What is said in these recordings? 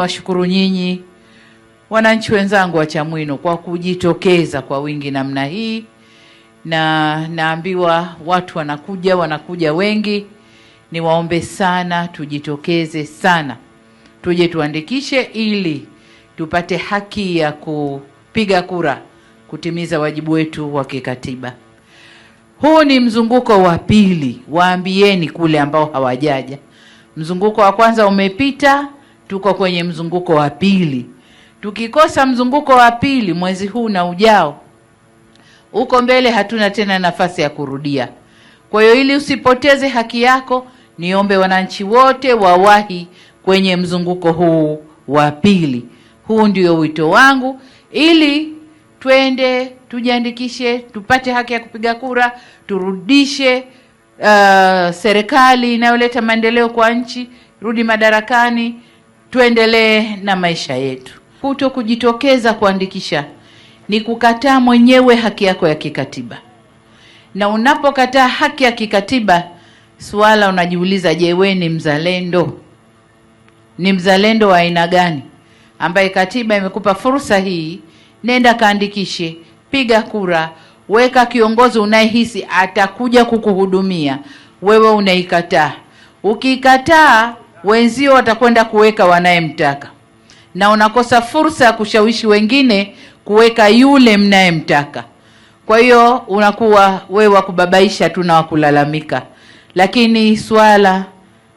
niwashukuru nyinyi wananchi wenzangu wa Chamwino kwa kujitokeza kwa wingi namna hii, na naambiwa watu wanakuja wanakuja wengi. Niwaombe sana tujitokeze sana, tuje tuandikishe ili tupate haki ya kupiga kura, kutimiza wajibu wetu wa kikatiba. Huu ni mzunguko wa pili, waambieni kule ambao hawajaja. Mzunguko wa kwanza umepita tuko kwenye mzunguko wa pili. Tukikosa mzunguko wa pili mwezi huu na ujao, huko mbele hatuna tena nafasi ya kurudia. Kwa hiyo ili usipoteze haki yako, niombe wananchi wote wawahi kwenye mzunguko huu wa pili. Huu ndio wito wangu, ili twende tujiandikishe, tupate haki ya kupiga kura, turudishe uh, serikali inayoleta maendeleo kwa nchi, rudi madarakani tuendelee na maisha yetu. Kuto kujitokeza kuandikisha ni kukataa mwenyewe haki yako ya kikatiba, na unapokataa haki ya kikatiba suala unajiuliza, je, wewe ni mzalendo? Ni mzalendo wa aina gani ambaye katiba imekupa fursa hii? Nenda kaandikishe, piga kura, weka kiongozi unayehisi atakuja kukuhudumia. Wewe unaikataa. ukikataa wenzio watakwenda kuweka wanayemtaka, na unakosa fursa ya kushawishi wengine kuweka yule mnayemtaka. Kwa hiyo unakuwa we wa kubabaisha tu na wakulalamika kulalamika, lakini swala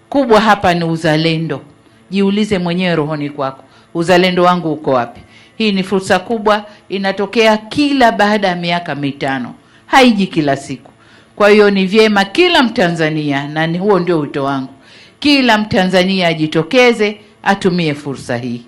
kubwa hapa ni uzalendo. Jiulize mwenyewe rohoni kwako, uzalendo wangu uko wapi? Hii ni fursa kubwa, inatokea kila baada ya miaka mitano, haiji kila siku. Kwa hiyo ni vyema kila Mtanzania, na huo ndio wito wangu, kila Mtanzania ajitokeze atumie fursa hii.